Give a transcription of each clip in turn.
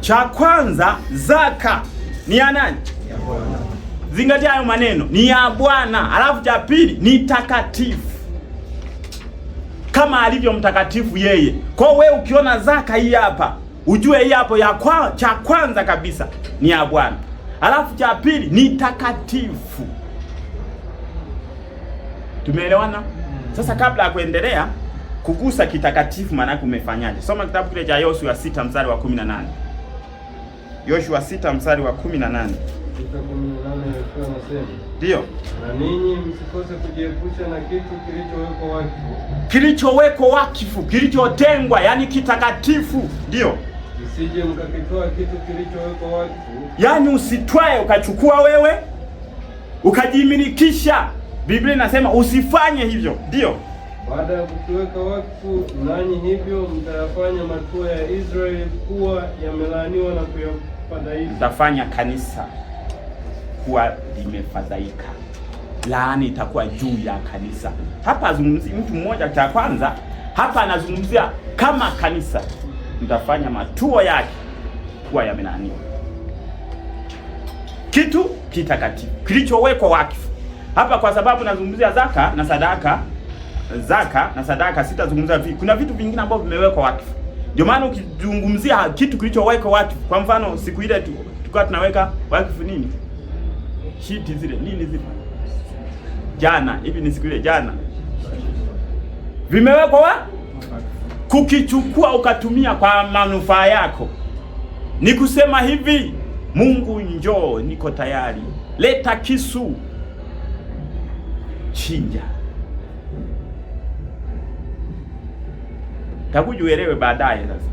Cha kwanza zaka ni ya nani? Zingatia hayo maneno, ni ya Bwana. Alafu cha pili ni takatifu kama alivyo mtakatifu yeye. Kwa hiyo wewe ukiona zaka hii hapa ujue hii hapo ya kwa, cha kwanza kabisa ni ya Bwana, alafu cha pili ni takatifu. Tumeelewana? Mm. Sasa kabla ya kuendelea kugusa kitakatifu, maanake umefanyaje? Soma kitabu kile cha yosua 6 mstari wa 18. Yoshua sita mstari wa kumi na nane ndiyo, na ninyi msikose kujiepusha na kitu kilichowekwa wakifu, kilichowekwa wakifu, kilichotengwa, yani kitakatifu, ndio Usije mkakitoa kitu kilichowekwa wakfu. Yaani usitwae ukachukua wewe ukajimilikisha. Biblia inasema usifanye hivyo, ndio baada ya kukiweka wakfu, nanyi hivyo mtayafanya matua ya Israeli kuwa yamelaaniwa na kuyafadhaika. Mtafanya kanisa kuwa limefadhaika, laani itakuwa juu ya kanisa. Hapa azungumzi mtu mmoja cha kwanza, hapa anazungumzia kama kanisa. Mtafanya matuo yake kuwa yamelaaniwa, kitu kitakatifu kilichowekwa wakfu hapa, kwa sababu nazungumzia zaka na sadaka zaka na sadaka, sitazungumza vi, kuna vitu vingine ambavyo vimewekwa wakfu. Ndio maana ukizungumzia kitu kilichowekwa wakfu, kwa mfano siku ile tu tukawa tunaweka wakfu nini, shiti zile nini zile, jana hivi ni siku ile jana, vimewekwa wa kukichukua ukatumia kwa manufaa yako. Ni kusema hivi, Mungu njoo, niko tayari, leta kisu, chinja. takuja uelewe baadaye sasa.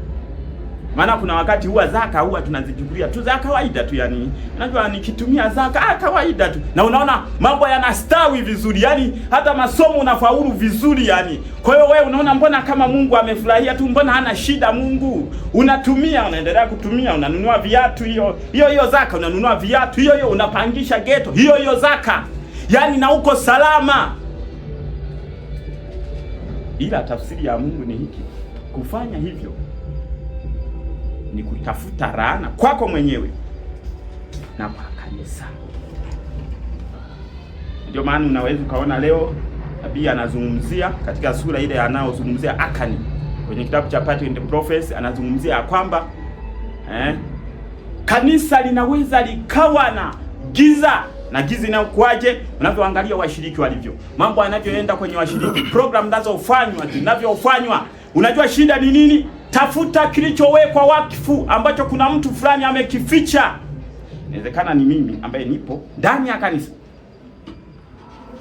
Maana kuna wakati huwa zaka huwa tunazichukulia tu za kawaida tu, yani unajua nikitumia zaka ah, kawaida tu, na unaona mambo yanastawi vizuri, yani hata masomo unafaulu vizuri, yani kwa hiyo wewe unaona mbona kama Mungu amefurahia tu, mbona hana shida Mungu. Unatumia, unaendelea kutumia, unanunua viatu, hiyo hiyo hiyo zaka, unanunua viatu, hiyo hiyo unapangisha geto, hiyo hiyo zaka, yani na uko salama, ila tafsiri ya Mungu ni hiki Kufanya hivyo ni kutafuta laana kwako mwenyewe na kwa kanisa. Ndio maana unaweza ukaona leo nabii anazungumzia katika sura ile anayozungumzia Akani kwenye kitabu cha Patriarchs and Prophets, anazungumzia ya kwamba eh, kanisa linaweza likawa na giza na giza inayokuaje? Unavyoangalia washiriki walivyo, mambo yanavyoenda kwenye washiriki, program zinazofanywa zinavyofanywa Unajua shida ni nini? Tafuta kilichowekwa wakfu ambacho kuna mtu fulani amekificha. Inawezekana ni mimi ambaye nipo ndani ya kanisa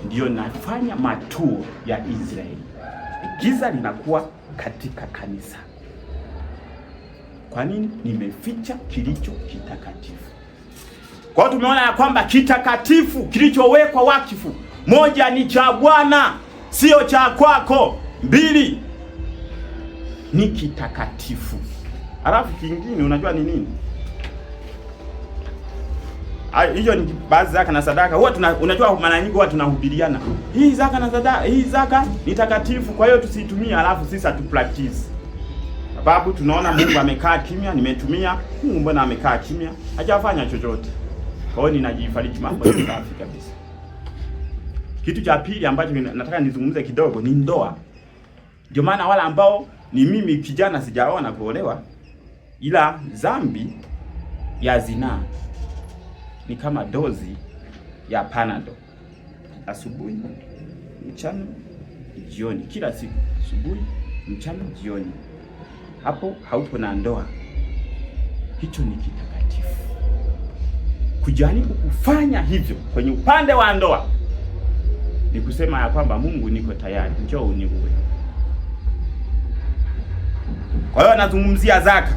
ndiyo nafanya matuo ya Israeli, giza linakuwa katika kanisa. Kwa nini? Nimeficha kilicho kitakatifu. Kwa hiyo tumeona ya kwamba kitakatifu kilichowekwa wakfu, moja ni cha Bwana, sio cha kwako. Mbili, ni kitakatifu. Halafu kingine unajua ni nini? Hiyo ni baadhi zaka na sadaka. Huwa tuna, unajua mara nyingi huwa tunahubiriana. Hii zaka na sadaka, hii zaka ni takatifu, kwa hiyo tusitumie alafu sisi tu practice. Sababu tunaona Mungu amekaa kimya, nimetumia, Mungu mbona amekaa kimya? Hajafanya chochote. Kwa hiyo ninajifariji mambo safi kabisa. Kitu cha pili ambacho nataka nizungumze kidogo ni ndoa. Ndio maana wale ambao ni mimi kijana sijaona kuolewa, ila dhambi ya zinaa ni kama dozi ya Panado, asubuhi, mchana, jioni, kila siku, asubuhi, mchana, jioni. Hapo haupo na ndoa. Hicho ni kitakatifu. Kujaribu kufanya hivyo kwenye upande wa ndoa ni kusema ya kwamba Mungu, niko tayari, njoo uniue. Kwa hiyo anazungumzia zaka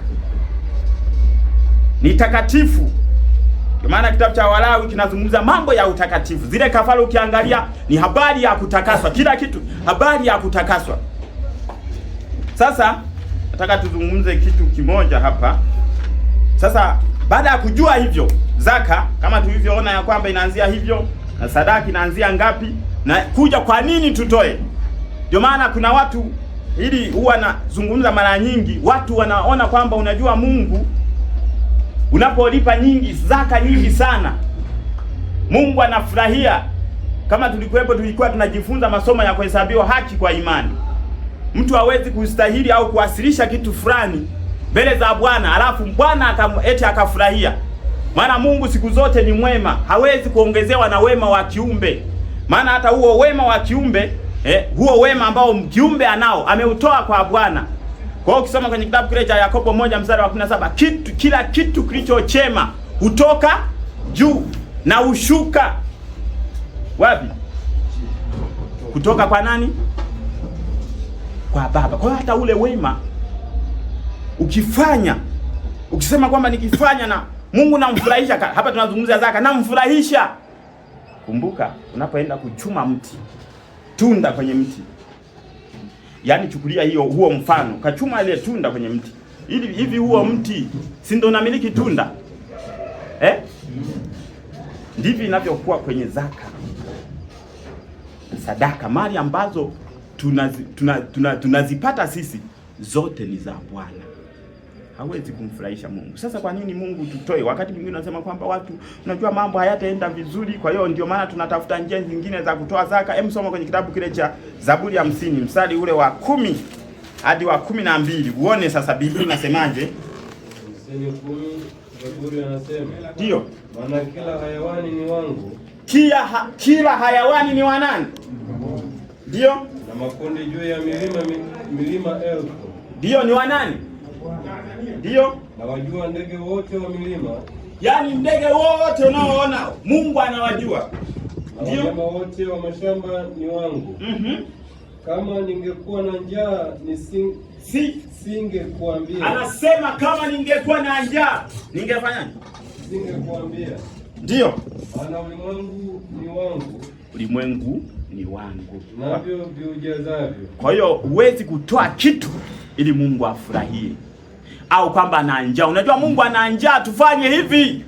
ni takatifu, kwa maana kitabu cha Walawi kinazungumza mambo ya utakatifu. Zile kafara ukiangalia ni habari ya kutakaswa, kila kitu habari ya kutakaswa. Sasa nataka tuzungumze kitu kimoja hapa sasa. Baada ya kujua hivyo, zaka kama tulivyoona ya kwamba inaanzia hivyo na sadaka inaanzia ngapi na kuja, kwa nini tutoe? Ndio maana kuna watu hili huwa nazungumza mara nyingi, watu wanaona kwamba unajua, Mungu unapolipa nyingi zaka nyingi sana, Mungu anafurahia. Kama tulikuwepo, tulikuwa tunajifunza masomo ya kuhesabiwa haki kwa imani. Mtu hawezi kustahili au kuwasilisha kitu fulani mbele za Bwana alafu Bwana eti akafurahia. Maana Mungu siku zote ni mwema, hawezi kuongezewa na wema wa kiumbe, maana hata huo wema wa kiumbe eh, huo wema ambao mjumbe anao ameutoa kwa Bwana. Kwa hiyo ukisoma kwenye kitabu kile cha Yakobo moja mstari wa 17, kitu kila kitu kilicho chema hutoka juu na ushuka wapi? Kutoka kwa nani? Kwa Baba. Kwa hiyo hata ule wema ukifanya, ukisema kwamba nikifanya na Mungu namfurahisha, hapa tunazungumza zaka, namfurahisha. Kumbuka unapoenda kuchuma mti tunda kwenye mti. Yaani chukulia hiyo huo mfano, kachuma aliyetunda kwenye mti. Hivi hivi huo mti si ndio unamiliki tunda? Eh? Ndivyo inavyokuwa kwenye zaka, sadaka, mali ambazo tunazipata tuna, tuna, tuna sisi, zote ni za Bwana hawezi kumfurahisha Mungu. Sasa kwa nini Mungu tutoe? Wakati mwingine unasema kwamba watu, unajua mambo hayataenda vizuri, kwa hiyo ndio maana tunatafuta njia zingine za kutoa zaka. Hem, soma kwenye kitabu kile cha Zaburi hamsini mstari ule wa kumi hadi wa kumi na mbili uone sasa Biblia inasemaje. Ndio maana kila hayawani ni wangu, kila, ha, kila hayawani ni wanani? Ndio na makundi juu ya milima milima elfu, ndio ni wanani? Ndiyo. Na wajua ndege wote wa milima, yaani ndege wote unaoona Mungu anawajua. Na wanyama wote wa mashamba ni wangu. Mm-hmm. Kama ningekuwa na njaa nising si singekuambia. Anasema kama ningekuwa na njaa ningefanyaje? Singekuambia. Ndiyo. Maana ulimwengu ni wangu. Ulimwengu ni wangu. Navyo viujazavyo. Kwa hiyo huwezi kutoa kitu ili Mungu afurahie au kwamba ana njaa. Unajua Mungu ana njaa, tufanye hivi.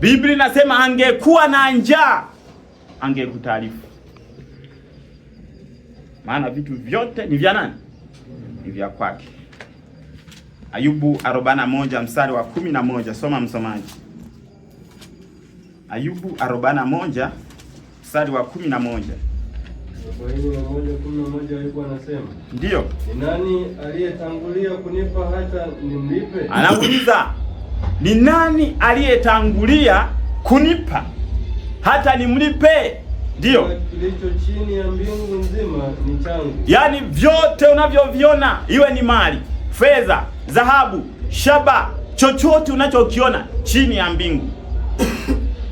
Biblia inasema angekuwa na njaa angekutaarifu, maana vitu vyote ni vya nani? Ni vya kwake. Ayubu 41 mstari wa 11, soma msomaji. Ayubu 41 mstari wa 11 arobaini na moja kumi na moja alikuwa anasema ndiyo, ni nani aliyetangulia kunipa hata nimlipe? Anauliza, ni nani aliyetangulia kunipa hata nimlipe? Ndiyo, kilicho chini ya mbingu nzima ni changu. Yaani vyote unavyoviona, iwe ni mali, fedha, dhahabu, shaba, chochote unachokiona chini ya mbingu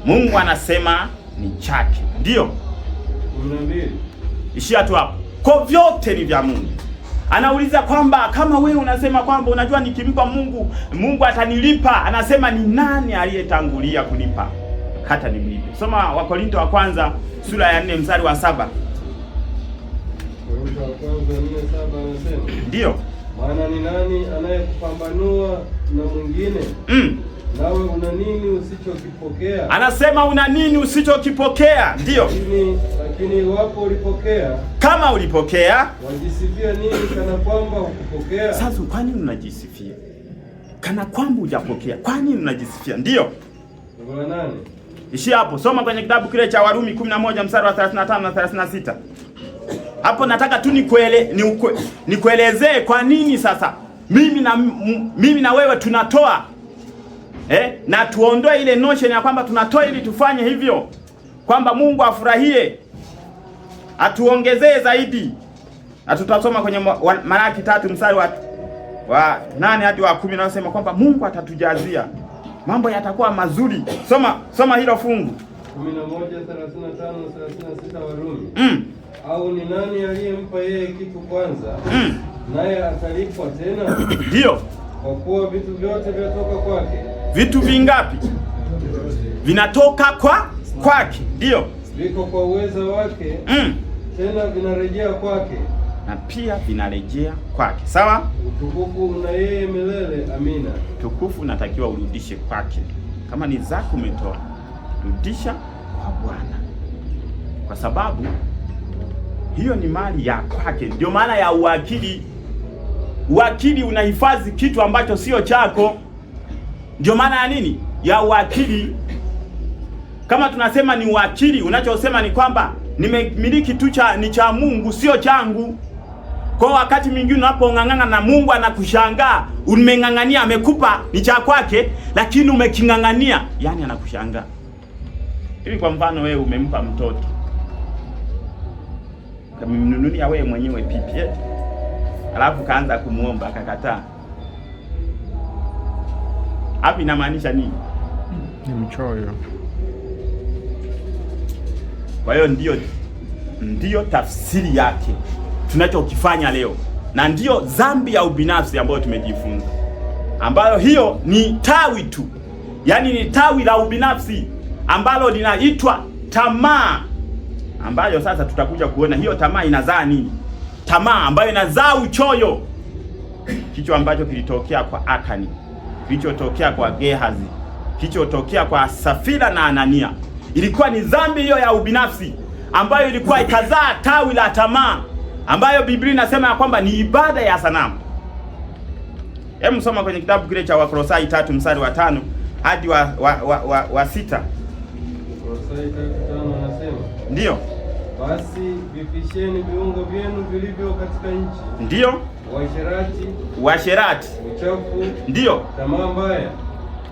Mungu anasema ni chake. Ndiyo. Ishia tu hapo, kwa vyote ni vya Mungu. Anauliza kwamba kama wewe unasema kwamba unajua nikimpa Mungu Mungu atanilipa, anasema ni nani aliyetangulia kunipa hata nimlipe? Soma Wakorinto wa kwanza sura ya 4 mstari wa saba. Ndio. maana ni nani anayekupambanua na mwingine? mm. Nawe una nini usichokipokea? Anasema una nini usichokipokea? Ndiyo. Lakini, lakini ulipokea, kama ulipokea, wajisifia nini kana kwamba hukupokea? Sasa kwa nini unajisifia kana kwamba hujapokea? Kwa nini unajisifia? Ndiyo. Ishi hapo, soma kwenye kitabu kile cha Warumi 11 mstari wa 35 na 36. Hapo nataka tu nikuele nikuelezee kwa nini sasa mimi na, mimi na wewe tunatoa eh, na tuondoe ile notion ya kwamba tunatoa ili tufanye hivyo, kwamba Mungu afurahie, atuongezee zaidi, na tutasoma kwenye Malaki tatu mstari wa wa nane hadi wa kumi nasema kwamba Mungu atatujazia mambo yatakuwa mazuri. Soma soma hilo fungu 11 35 36 Warumi. Mm. Au ni nani aliyempa yeye kitu kwanza? Mm. Naye atalipwa tena. Ndio. Kwa kuwa vitu vyote vyatoka kwake vitu vingapi vinatoka kwa kwake, ndio viko kwa uwezo wake mm. Tena vinarejea kwake na pia vinarejea kwake. Sawa, utukufu na yeye milele. Amina. Utukufu unatakiwa urudishe kwake, kama ni zako umetoa, rudisha kwa Bwana, kwa sababu hiyo ni mali ya kwake. Ndio maana ya uwakili. Uwakili unahifadhi kitu ambacho sio chako. Ndio maana ya nini ya uwakili. Kama tunasema ni uwakili, unachosema ni kwamba nimemiliki tu cha ni cha Mungu, sio changu. Kwa wakati mwingine unapong'ang'ana na Mungu anakushangaa, umeng'ang'ania, amekupa ni cha kwake, lakini umeking'ang'ania, yani anakushangaa. Hivi kwa mfano, wewe umempa mtoto kamnunulia wewe mwenyewe pipi, alafu kaanza kumuomba akakataa hapa inamaanisha nini? Ni mchoyo. Kwa hiyo ndio ndiyo tafsiri yake tunachokifanya leo, na ndiyo dhambi ya ubinafsi ambayo tumejifunza, ambayo hiyo ni tawi tu, yaani ni tawi la ubinafsi ambalo linaitwa tamaa, ambayo sasa tutakuja kuona hiyo tamaa inazaa nini. Tamaa ambayo inazaa uchoyo, kicho ambacho kilitokea kwa Akani kilichotokea kwa Gehazi, kilichotokea kwa Safira na Anania, ilikuwa ni dhambi hiyo ya ubinafsi ambayo ilikuwa ikazaa tawi la tamaa ambayo Biblia inasema ya kwamba ni ibada ya sanamu. Hebu soma kwenye kitabu kile cha Wakolosai tatu mstari wa tano hadi wa, wa, wa, wa, wa sita. Wakolosai tatu tano anasema ndio basi vifisheni viungo vyenu vilivyo katika nchi, ndio washerati, washerati, uchafu, ndio tamaa mbaya,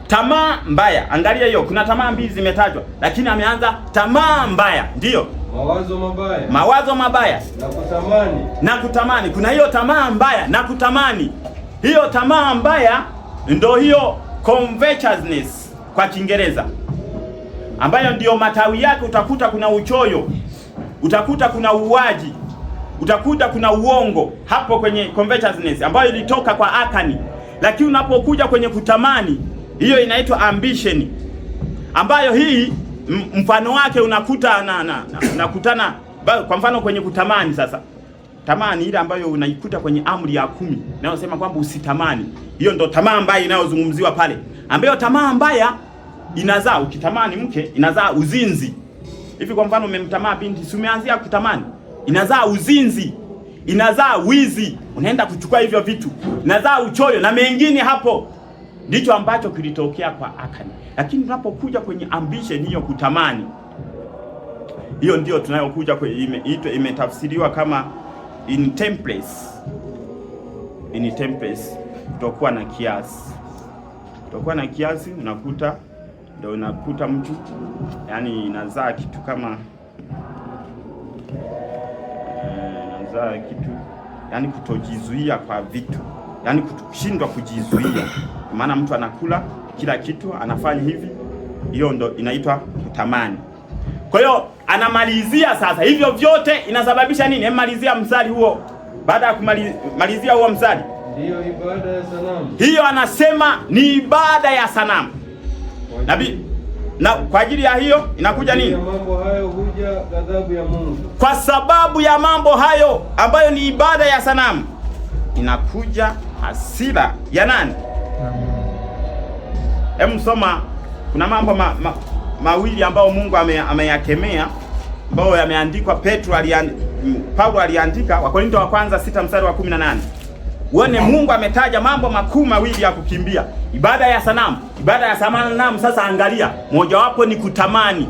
tamaa mbaya. Angalia hiyo, kuna tamaa mbili zimetajwa, lakini ameanza tamaa mbaya, ndiyo mawazo mabaya, mawazo mabaya na kutamani, na kutamani. Kuna hiyo tamaa mbaya na kutamani. Hiyo tamaa mbaya ndo hiyo covetousness kwa Kiingereza, ambayo ndiyo matawi yake utakuta kuna uchoyo utakuta kuna uwaji, utakuta kuna uongo hapo kwenye covetousness ambayo ilitoka kwa Akani, lakini unapokuja kwenye kutamani, hiyo inaitwa ambition, ambayo hii mfano wake unakuta na, na, na, unakutana kwa mfano kwenye kutamani sasa tamani ile ambayo unaikuta kwenye amri ya kumi inayosema kwamba usitamani. Hiyo ndo tamaa mbaya inayozungumziwa pale, ambayo tamaa mbaya inazaa, ukitamani mke inazaa uzinzi hivi. Kwa mfano, umemtamaa binti, si umeanzia kutamani, inazaa uzinzi, inazaa wizi, unaenda kuchukua hivyo vitu, inazaa uchoyo na mengine hapo. Ndicho ambacho kilitokea kwa Akani. Lakini tunapokuja kwenye ambition hiyo, kutamani hiyo, ndio tunayokuja kwenye ito, imetafsiriwa kama In intemperance, kutokuwa na kiasi, kutokuwa na kiasi, unakuta ndio inakuta mtu yani inazaa kitu kama eh, inazaa kitu yani kutojizuia kwa vitu yani kushindwa kujizuia, maana mtu anakula kila kitu anafanya hivi, hiyo ndo inaitwa kutamani. Kwa hiyo anamalizia sasa, hivyo vyote inasababisha nini? Emalizia mstari huo. Baada ya kumalizia huo mstari, hiyo anasema ni ibada ya sanamu. Nabii na kwa ajili ya hiyo inakuja nini? mambo hayo huja ghadhabu ya Mungu. Kwa sababu ya mambo hayo ambayo ni ibada ya sanamu inakuja hasira ya nani? Hem, soma kuna mambo ma, ma, mawili ambayo Mungu ameyakemea ame ambayo yameandikwa Petro aliandika Paulo aliandika Wakorintho wa kwanza sita mstari wa 18. Uone Mungu ametaja mambo makuu mawili ya kukimbia, ibada ya sanamu, ibada ya sanamu. Sasa angalia, mojawapo ni kutamani.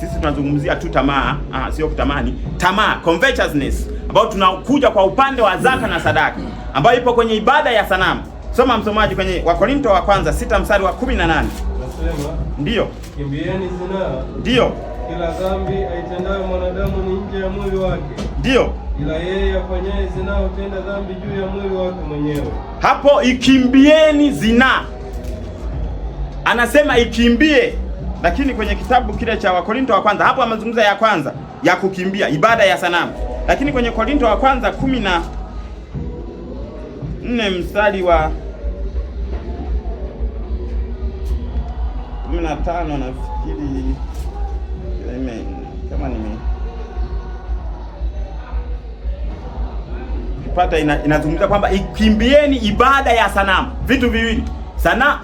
Sisi tunazungumzia tu tamaa, ah, sio kutamani, tamaa, covetousness, ambayo tunakuja kwa upande wa zaka na sadaka, ambayo ipo kwenye ibada ya sanamu. Soma msomaji kwenye Wakorinto wa kwanza sita mstari wa 18. ndio kimbieni zinaa. Ndiyo kila dhambi aitendayo mwanadamu ni nje ya mwili wake, Ndio. ila yeye afanyaye zinaa hutenda dhambi juu ya mwili wake mwenyewe. Hapo ikimbieni zinaa, anasema ikimbie, lakini kwenye kitabu kile cha Wakorinto wa kwanza, hapo amezungumza ya kwanza ya kukimbia ibada ya sanamu, lakini kwenye Korinto wa kwanza kumi na nne mstari wa 15 nafikiri nime kama ina, inazungumza kwamba ikimbieni ibada ya sanamu, vitu viwili sana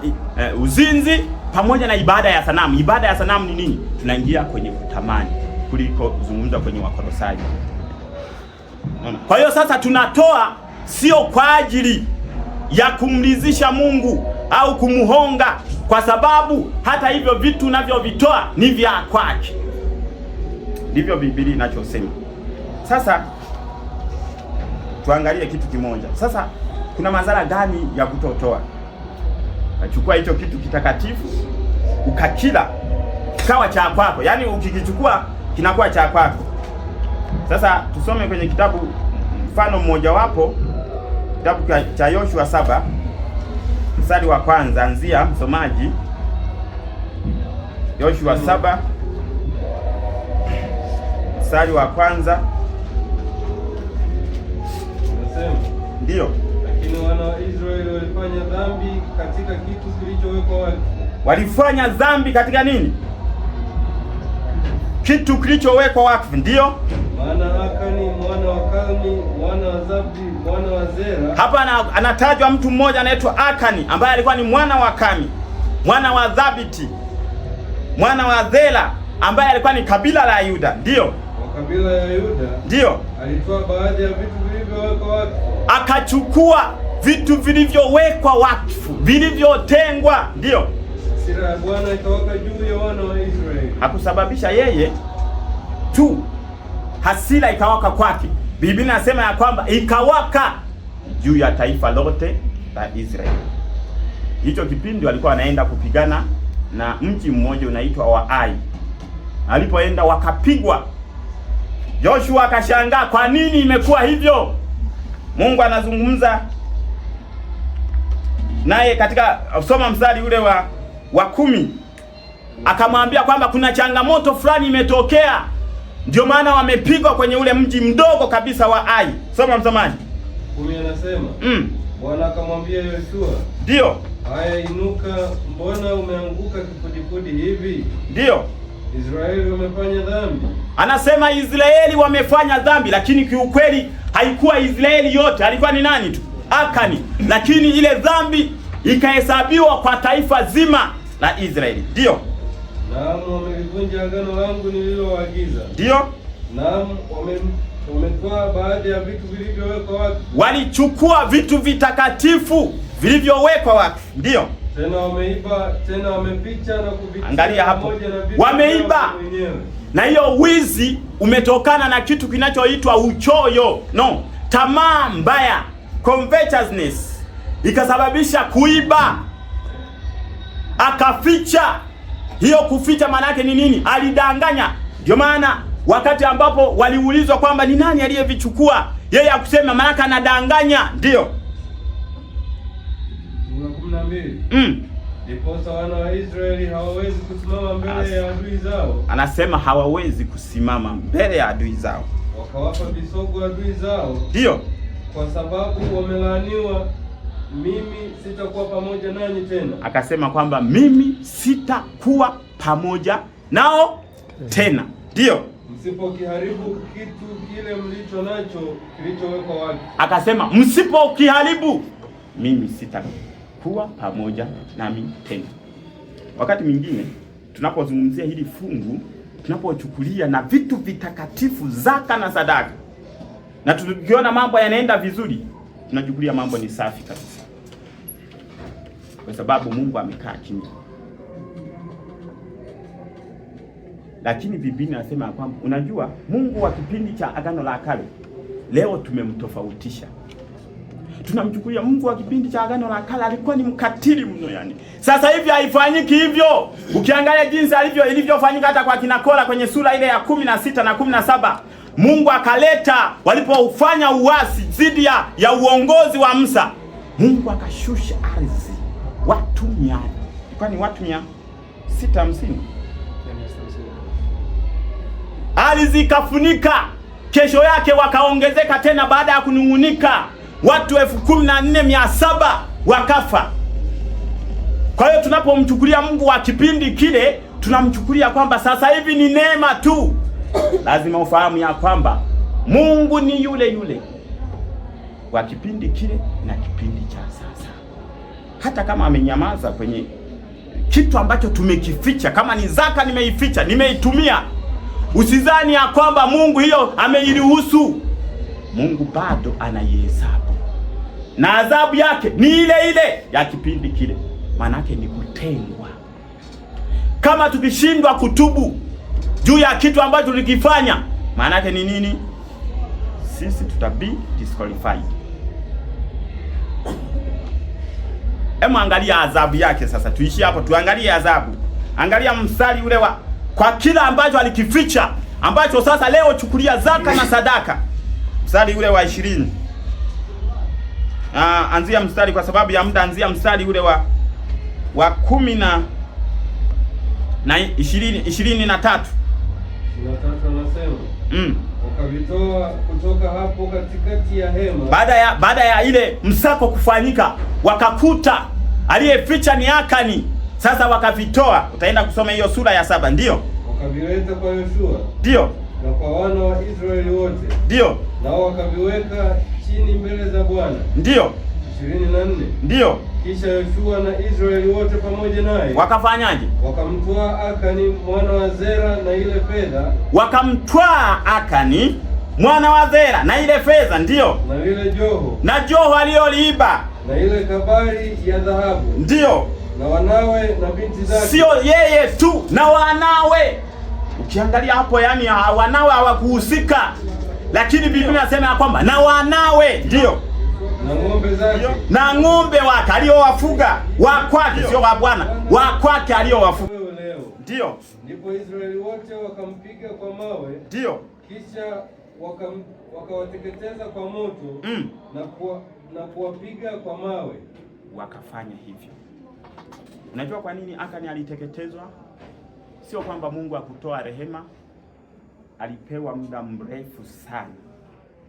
uh, uzinzi pamoja na ibada ya sanamu. Ibada ya sanamu ni nini? Tunaingia kwenye kutamani kuliko zungumza kwenye Wakolosai. Kwa hiyo sasa tunatoa sio kwa ajili ya kumridhisha Mungu au kumhonga, kwa sababu hata hivyo vitu unavyovitoa ni vya kwake ndivyo Biblia inachosema. Sasa tuangalie kitu kimoja. Sasa kuna madhara gani ya kutotoa? Kachukua hicho kitu kitakatifu ukakila kikawa cha kwako, yaani ukikichukua kinakuwa cha kwako. Sasa tusome kwenye kitabu mfano mmoja wapo, kitabu cha Yoshua saba mstari wa kwanza anzia msomaji. Yoshua saba mstari wa kwanza ndio lakini wana wa Israeli walifanya dhambi katika kitu kilichowekwa wakfu. Walifanya dhambi katika nini? Kitu kilichowekwa wakfu, ndio maana Akani mwana wa Kalni mwana wa Zabdi mwana wa Zera. Hapa anatajwa mtu mmoja anaitwa Akani ambaye alikuwa ni mwana wa Kami mwana wa Zabiti mwana wa Zera ambaye alikuwa ni kabila la Yuda, ndio makabila ya Yuda, ndio alitoa baadhi ya vitu vilivyowekwa wakfu, akachukua vitu vilivyowekwa wakfu vilivyotengwa, ndio hasira ya Bwana ikawaka juu ya wana wa Israeli. Hakusababisha yeye tu, hasira ikawaka kwake. Biblia inasema ya kwamba ikawaka juu ya taifa lote la Israeli. Hicho kipindi walikuwa wanaenda kupigana na mji mmoja unaitwa Waai, alipoenda wakapigwa Joshua akashangaa kwa nini imekuwa hivyo. Mungu anazungumza naye katika soma mstari ule wa wa kumi, akamwambia kwamba kuna changamoto fulani imetokea, ndio maana wamepigwa kwenye ule mji mdogo kabisa wa Ai. Soma msomaji. Kumi anasema mm. Bwana akamwambia Yoshua, ndio haya, inuka, mbona umeanguka kifudifudi hivi? Ndio Israeli wamefanya dhambi. Anasema Israeli wamefanya dhambi, lakini kiukweli haikuwa Israeli yote, alikuwa ni nani tu Akani, lakini ile dhambi ikahesabiwa kwa taifa zima la Israeli. Ndio naam, wamelivunja agano langu nililowaagiza. Ndio naam, wame baadhi ya vitu vilivyowekwa wakfu, walichukua vitu vitakatifu vilivyowekwa wakfu. Ndio tena wameiba, tena wameficha na kuficha. Angalia hapo. Wameiba. Na hiyo wizi umetokana na kitu kinachoitwa uchoyo. No, tamaa mbaya, covetousness ikasababisha kuiba akaficha. Hiyo kuficha maana yake ni nini? Alidanganya. Ndio maana wakati ambapo waliulizwa kwamba ni nani aliyevichukua, yeye akusema maana anadanganya, ndio Mm. Ndiposa wana wa Israeli hawawezi kusimama mbele As... ya adui zao. Anasema hawawezi kusimama mbele ya adui zao. Wakawapa visogo adui zao. Ndio. Kwa sababu wamelaaniwa, mimi sitakuwa pamoja nanyi tena. Akasema kwamba mimi sitakuwa pamoja nao tena. Ndio. Msipokiharibu kitu kile mlicho nacho kilichowekwa wakfu. Akasema msipokiharibu mimi sitakuwa kuwa pamoja nami tena. Wakati mwingine tunapozungumzia hili fungu, tunapochukulia na vitu vitakatifu, zaka na sadaka, na tukiona mambo yanaenda vizuri, tunachukulia mambo ni safi kabisa, kwa sababu Mungu amekaa kimya. Lakini Biblia inasema kwamba, unajua Mungu wa kipindi cha Agano la Kale leo tumemtofautisha tunamchukulia Mungu wa kipindi cha Agano la Kale alikuwa ni mkatili mno yani. Sasa hivi haifanyiki hivyo. Ukiangalia jinsi alivyo ilivyofanyika hata kwa kinakola kwenye sura ile ya kumi na sita na kumi na saba Mungu akaleta walipofanya uasi dhidi ya uongozi wa Musa, Mungu akashusha ardhi watu mia, ni watu mia sita hamsini ardhi ikafunika. Kesho yake wakaongezeka tena baada ya kunung'unika watu elfu kumi na nne mia saba wakafa. Kwa hiyo tunapomchukulia Mungu wa kipindi kile, tunamchukulia kwamba sasa hivi ni neema tu. Lazima ufahamu ya kwamba Mungu ni yule yule wa kipindi kile na kipindi cha sasa. Hata kama amenyamaza kwenye kitu ambacho tumekificha, kama ni zaka nimeificha, nimeitumia, usizani ya kwamba Mungu hiyo ameiruhusu. Mungu bado anaihesabu, na adhabu yake ni ile ile ya kipindi kile. Maanake ni kutengwa. Kama tukishindwa kutubu juu ya kitu ambacho tulikifanya, maanake ni nini? Sisi tutabi disqualified. Hebu angalia adhabu yake. Sasa tuishi hapo, tuangalie adhabu. Angalia mstari ule wa kwa kila ambacho alikificha ambacho sasa leo, chukulia zaka na sadaka mstari ule wa ishirini. Uh, anzia mstari kwa sababu ya muda, anzia mstari ule wa wa kumi na na ishirini, ishirini na tatu mm. Wakavitoa kutoka hapo katikati ya hema. Baada ya baada ya ile msako kufanyika, wakakuta aliyeficha ni Akani. Sasa wakavitoa, utaenda kusoma hiyo sura ya saba, ndio wakavileta kwa Yoshua, ndio na kwa wana wa Israeli wote, ndio Nao wakaviweka chini mbele za Bwana, ndio ishirini na nne ndiyo. Kisha Yoshua na Israeli wote pamoja naye wakafanyaje? Wakamtwaa Akani mwana wa Zera na ile fedha, wakamtwaa Akani mwana wa Zera na ile fedha, ndio na ile joho na joho aliyoliiba na ile kabari ya dhahabu, ndio na wanawe na binti zake, sio yeye tu, na wanawe Ukiangalia hapo, yani wanawe hawakuhusika, lakini Biblia inasema ya kwamba na wanawe ndio na ng'ombe zake na ng'ombe wake aliyowafuga wa kwake, sio wa bwana, wa kwake aliyowafuga. Ndio ndipo Israeli wote wakampiga kwa mawe, ndio kisha wakawateketeza waka kwa moto mm, na kuwa, na kuwapiga kwa mawe, wakafanya hivyo. Unajua kwa nini Akani aliteketezwa? Sio kwamba Mungu akutoa rehema, alipewa muda mrefu sana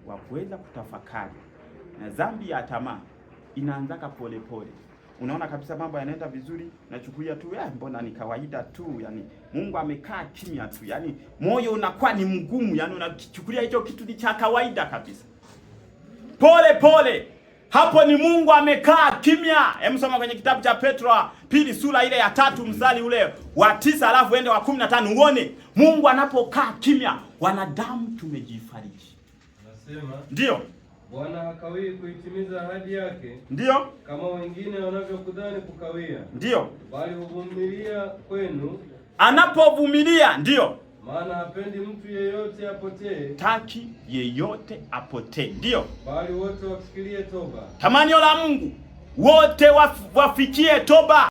wa kuweza kutafakari, na dhambi ya tamaa inaanzaka polepole Unaona kabisa mambo yanaenda vizuri, nachukulia tu eh, mbona ni kawaida tu, yani Mungu amekaa kimya tu, yani moyo unakuwa ni mgumu, yani unachukulia hicho kitu ni cha kawaida kabisa, pole pole hapo ni Mungu amekaa kimya. Hebu soma kwenye kitabu cha Petro pili sura ile ya tatu mstari ule wa tisa alafu ende wa kumi na tano uone Mungu anapokaa kimya, wanadamu tumejifariji. Anasema ndio Bwana hakawii kuitimiza ahadi yake, ndio kama wengine wanavyokudhani kukawia, ndio bali huvumilia kwenu. Anapovumilia, ndio maana hapendi mtu yeyote apotee, taki yeyote apotee, ndiyo, bali wote wafikirie toba. Tamanio la Mungu wote wafikie toba.